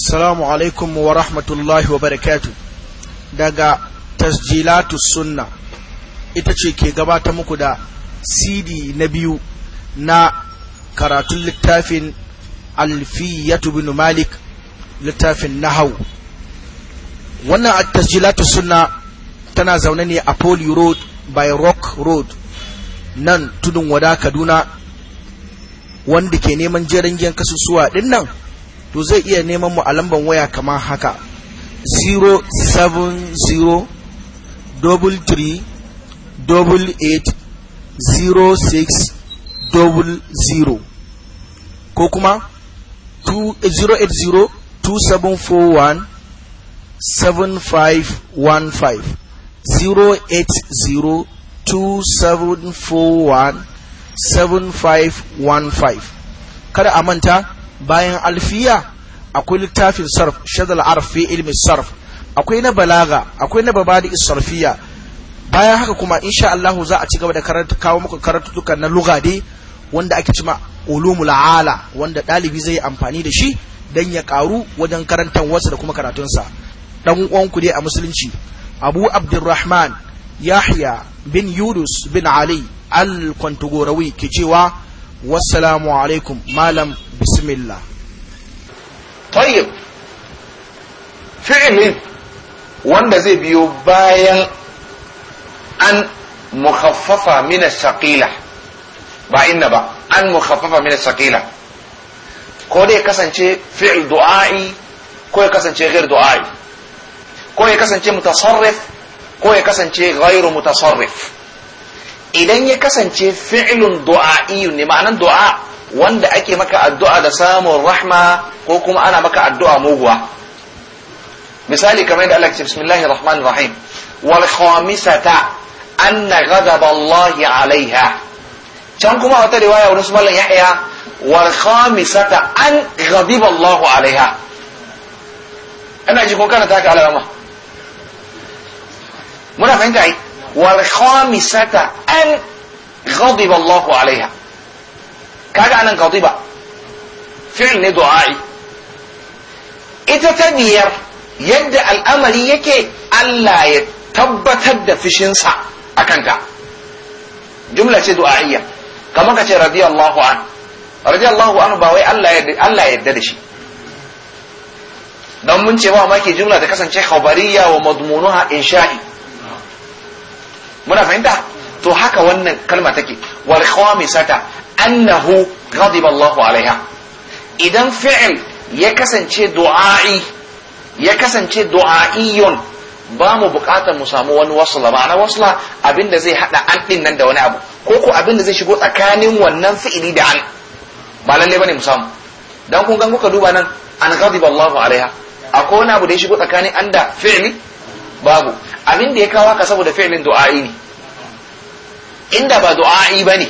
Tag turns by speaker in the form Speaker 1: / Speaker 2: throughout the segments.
Speaker 1: Assalamu alaikum wa rahmatullahi wa barakatu daga tasjilatu sunna ita ce ke gabata muku da CD na biyu na karatun littafin alfiyatu bin malik littafin nahau wannan a tasjilatu sunna tana zaune ne a Poly Road by Rock Road nan tudun wada Kaduna wanda ke neman jerin giyan kasusuwa ɗin nan to zai iya neman mu a lamban waya kamar haka 070 double three double eight zero six double zero ko kuma two zero eight zero two seven four one seven five one five zero eight zero two seven four one seven five one five kada a manta bayan alfiya akwai littafin sarf shadal arfi ilmi sarf akwai na balaga akwai na babadi sarfiya bayan haka kuma insha Allah za a ci gaba da karanta kawo muku karatutuka na lugade wanda ake cima ulumul ala wanda dalibi zai amfani da shi dan ya karu wajen karantar wasu da kuma karatunsa dan ku dai a musulunci Abu Abdurrahman Yahya bin Yunus bin Ali al-Kantugorawi ke cewa wassalamu alaikum malam bismillah tayyib fi'ilin wanda zai biyo bayan
Speaker 2: an mukhaffafa min ash-shaqila ba inna ba an mukhaffafa min ash-shaqila ko dai kasance fi'il du'a'i ko ya kasance ghair du'a'i ko kasance mutasarrif ko ya kasance gairu mutasarrif idan ya kasance fi'lun du'a'iyun ne ma'anan du'a wanda ake maka addu'a da samun rahma ko kuma ana maka addu'a muguwa misali kamar yadda Allah ya ce bismillahir rahmanir rahim wal khamisata anna Allah 'alayha can kuma wata riwaya wurin sumallan yahya wal khamisata an ghadiba Allah 'alayha ina ji kun karanta ka alama muna fahimta ai والخامسة أن غضب الله عليها kaga anan gadiba fi'il ne du'a'i ita ta biyar yadda al'amari yake Allah ya tabbatar da fishinsa a kanta jumla ce du'a'iyya kamar ka ce radiyallahu an radiyallahu an ba wai Allah ya yarda da shi don mun ce wa ma ke jumla ta kasance khabariya wa madmunuha insha'i muna fahimta to haka wannan kalma take wal khamisata annahu ghadiba Allah alaiha idan fi'il ya kasance du'a'i ya kasance du'a'iyyun ba mu bukatar mu samu wani wasla ma'ana wasla abinda zai hada an din nan da wani abu ko ko abinda zai shigo tsakanin wannan fi'ili da an ba lalle bane mu samu dan kun gan kuka duba nan an ghadiba Allah alaiha akwai wani abu da ya shigo tsakanin an da fi'ili babu abin da ya kawo haka saboda fi'ilin du'a'i ne inda ba du'a'i ba ne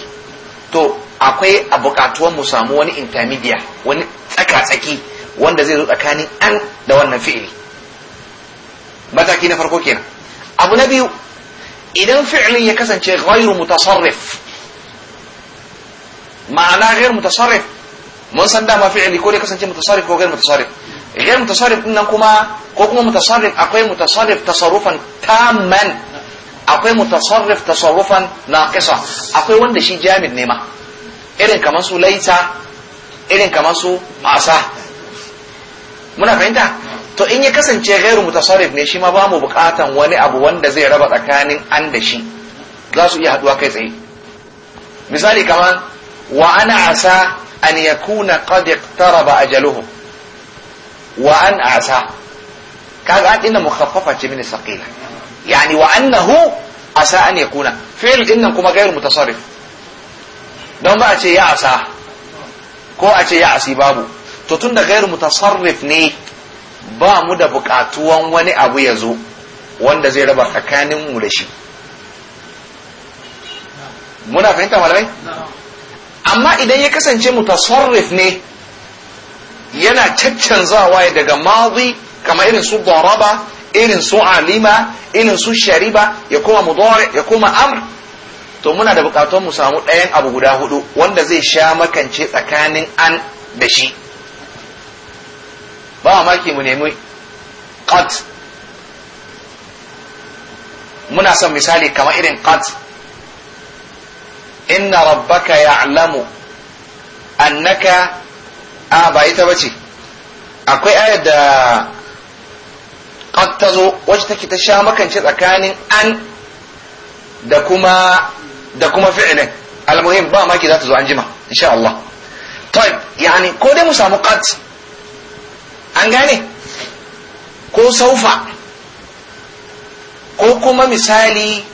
Speaker 2: to akwai a bukatuwar mu samu wani intermedia wani tsaka-tsaki wanda zai zo tsakanin an da wannan fi'ili mataki na farko kenan abu na biyu idan fi'ilin ya kasance ghairu mutasarrif ma'ana ghairu mutasarrif mun san dama fi'ili ko dai kasance mutasarrif ko ghairu mutasarrif ghair mutasarrif din nan kuma ko kuma mutasarrif akwai mutasarrif tasarrufan tamman akwai mutasarrif tasarrufan naqisa akwai wanda shi jamid ne ma irin kamar su laita irin kamar su masa muna fahimta to in ya kasance gairu mutasarrif ne shi ma ba mu bukatan wani abu wanda zai raba tsakanin an da shi za su iya haduwa kai tsaye misali kamar wa ana asa an yakuna qad iqtaraba ajaluhum wa an asa kaga an dinnan mukhaffafa ce min saqila yani wa annahu asa an yakuna fi'l dinnan kuma gairu mutasarrif don ba a ce ya asa ko a ce ya asi babu to tunda gairu mutasarrif ne ba mu da buƙatuwan wani abu ya zo wanda zai raba tsakanin mu da shi muna fahimta malamai amma idan ya kasance mutasarrif ne yana caccanzawa daga mazi kama irin su daraba irin su alima irin su shariba ya kuma mudari ya kuma amr to muna da bukatun mu samu ɗayan abu guda hudu wanda zai sha makance tsakanin an da shi ba maki mu nemi qad muna son misali kama irin qad inna rabbaka alamu. annaka a ba ita ba ce akwai ayar da qad ta wacce take ta sha makance tsakanin an da kuma da kuma fi'ilin almuhim ba maki za ta zo an jima insha Allah طيب yani ko dai mu samu qad an gane ko saufa ko kuma misali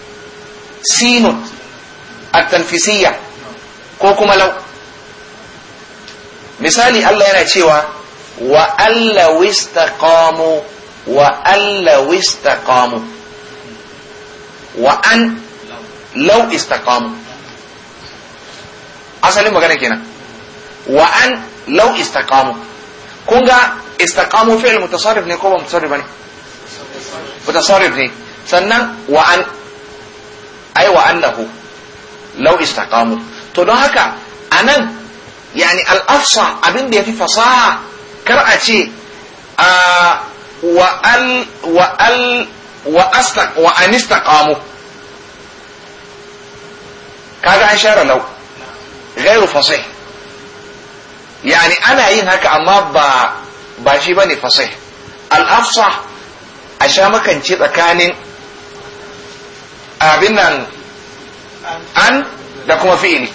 Speaker 2: sinu at-tanfisiyya ko kuma lau misali Allah yana cewa wa alla wistaqamu wa alla wistaqamu wa an law istaqamu asalin magana kenan wa an law istaqamu kun ga istaqamu fi'l mutasarrif ne ko ba mutasarrif ne mutasarrif ne sannan wa an ai wa annahu law istaqamu to don haka anan yani al'afsa abin da ya fi fasaha kar a ce a wa'al wa'al wa'anista ƙamu kaga an share lau gairu fasai yani ana yin haka amma ba ba shi ba ne fasai al'afsa a sha makance tsakanin abin nan an da kuma fi'ili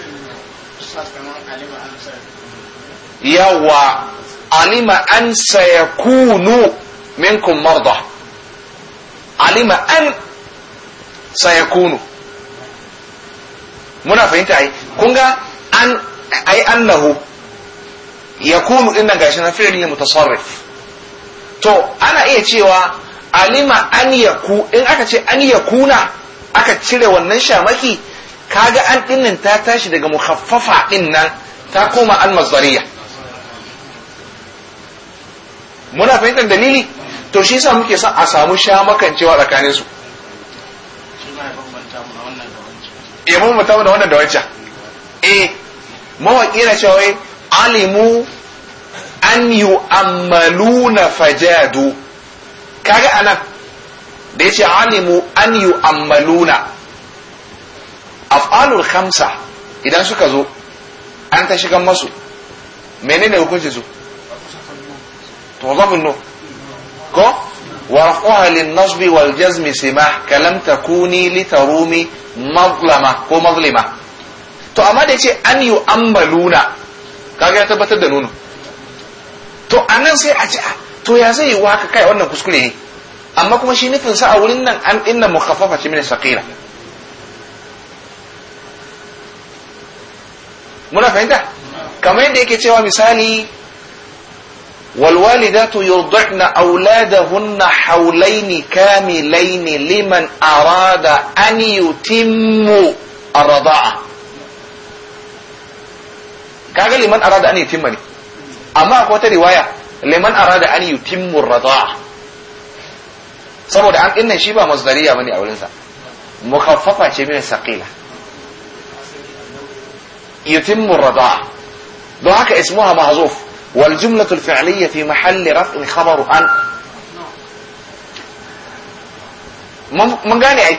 Speaker 2: yawa alima an sayakunu minkum marda alima an sayakunu muna fahimta ai kun ga an ai annahu yakunu din nan gashi na fi'li mutasarrif to ana iya cewa alima an yaku in aka ce an yakuna aka cire wannan shamaki kaga an dinnan ta tashi daga mukhaffafa din nan ta koma al mazdariyah muna fahimtar dalili to shi yasa muke son a samu shamakancewa tsakanin su ya eh, bambanta mu da wannan da wancan eh mawaƙi na cewa alimu an yu'ammaluna fajadu kaga anan da yace alimu an yu'ammaluna af'alul khamsa idan suka zo an ta shigan masu menene hukuncin su to minnu ko wa raf'uha lin nasbi wal jazmi simah kalam takuni li ko mazlima to amma da yace an yu ambaluna kaga ya tabbatar da nunu to anan sai a ci to ya zai yiwa ka kai wannan kuskure ne amma kuma shi nufin sa a wurin nan an dinna mu kafafaci min saqila muna fahimta kamar yadda yake cewa misali والوالدات يرضعن أولادهن حولين كاملين لمن أراد أن يتم الرضاعة كاغا لمن أراد أن يتمني أما أكو رواية لمن أراد أن يتم الرضاعة سبب أن إن شيبا مصدرية مني أولادها مخففة جميع سقيلة يتم الرضاعة دعاك اسمها محظوف والجملة الفعلية في محل رفع خبر عن mun gane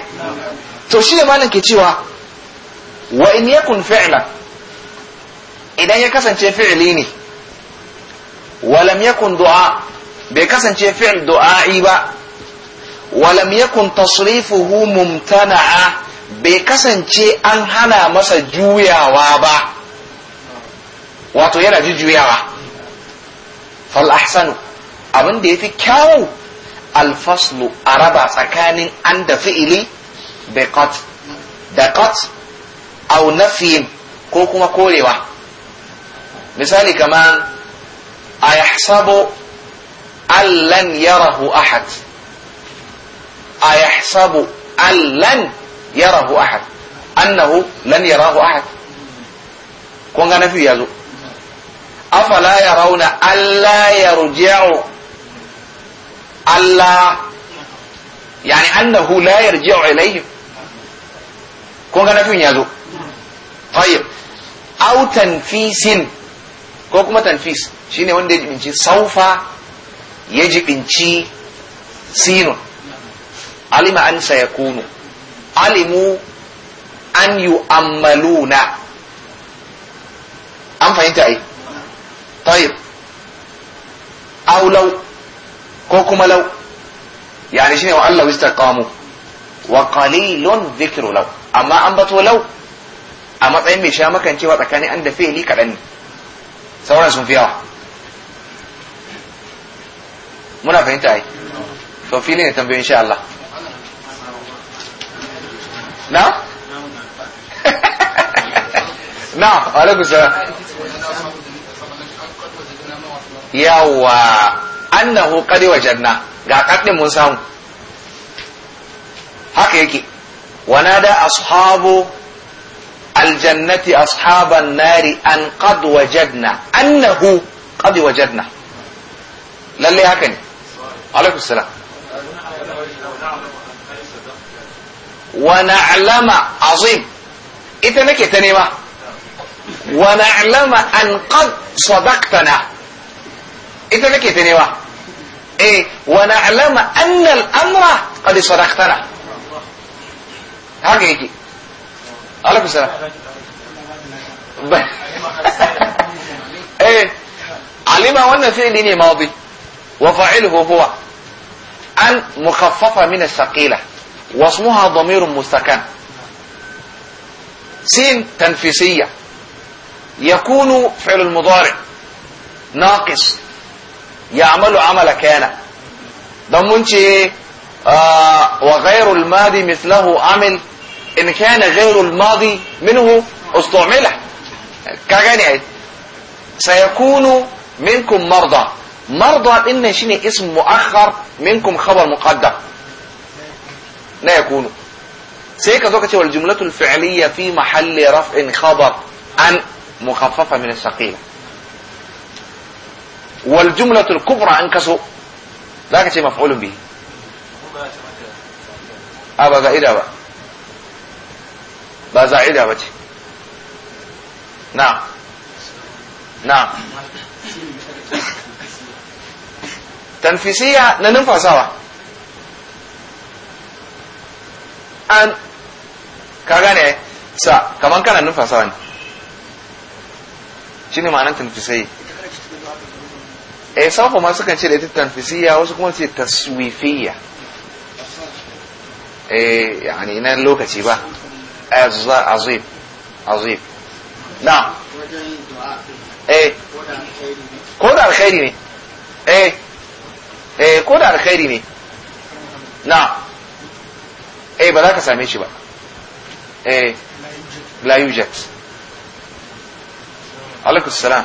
Speaker 2: to shi da malam ke cewa wa in yakun fi'la idan ya kasance fi'li ne wa du'a bai kasance fi'l du'a'i ba wa lam yakun tasrifuhu mumtana'a bai kasance an hana masa juyawa ba wato yana jujjuyawa fal ahsanu abin da yafi kyawu alfaslu a raba tsakanin an da fi'ili bi qat da qat ko kuma korewa misali kaman a yahsabu allan yarahu ahad a yahsabu allan yarahu ahad annahu lan ya zo afala ya rauna Allah ya ruji'u Allah an yani annahu la yarji'u ilayhim kun ga nafin ya zo tayyib au tanfisin ko kuma tanfis Shi ne wanda ya jibinci saufa ya jibinci sinun alima an sayakunu alimu an yu'ammaluna an fahimta ai طيب أو لو كوكما لو يعني شنو وأن لو استقاموا وقليل ذكر لو أما أنبتوا لو a matsayin mai sha makance wa tsakanin an da fi'ili kaɗan ne sauran sun fi yawa muna fahimta to fili ne tambayoyin sha Allah na na yawa annahu qad wajanna ga kaddin mun samu haka yake wanada ashabu aljannati ashaban nari an qad wajadna annahu qad wajadna lalle haka ne alaikum salam wa na'lama azim ita nake ta nema wa na'lama an qad sadaqtana ita take ta nema eh wa na'lama anna al-amra qad sadaqtana haka yake alaikum salam eh alima wannan fi'li ne madi wa fa'iluhu huwa an mukhaffafa min as-saqila واسمها ضمير مستكان سين تنفيسية يكون فعل المضارع ناقص يعمل عمل كان ضمنتي آه، وغير الماضي مثله عمل ان كان غير الماضي منه استعمله كغني سيكون منكم مرضى مرضى ان شني اسم مؤخر منكم خبر مقدم لا يكون سيك زوكتي والجمله الفعليه في محل رفع خبر ان مخففه من الثقيله wal jumlatul kubra an kaso zaka ce maf'ulun bi a ba za'ida ba ba za'ida ba ce na na tanfisiya na numfasawa an ka gane sa kaman kana numfasawa ne shi ne ma'anar tanfisai eh safa ma sukan ce da ita tanfisiya wasu kuma ce taswifiyya eh yani na lokaci ba azib azib na eh ko da alkhairi ne eh eh ko da alkhairi ne na eh ba za ka same shi ba eh la yujat alaikum salam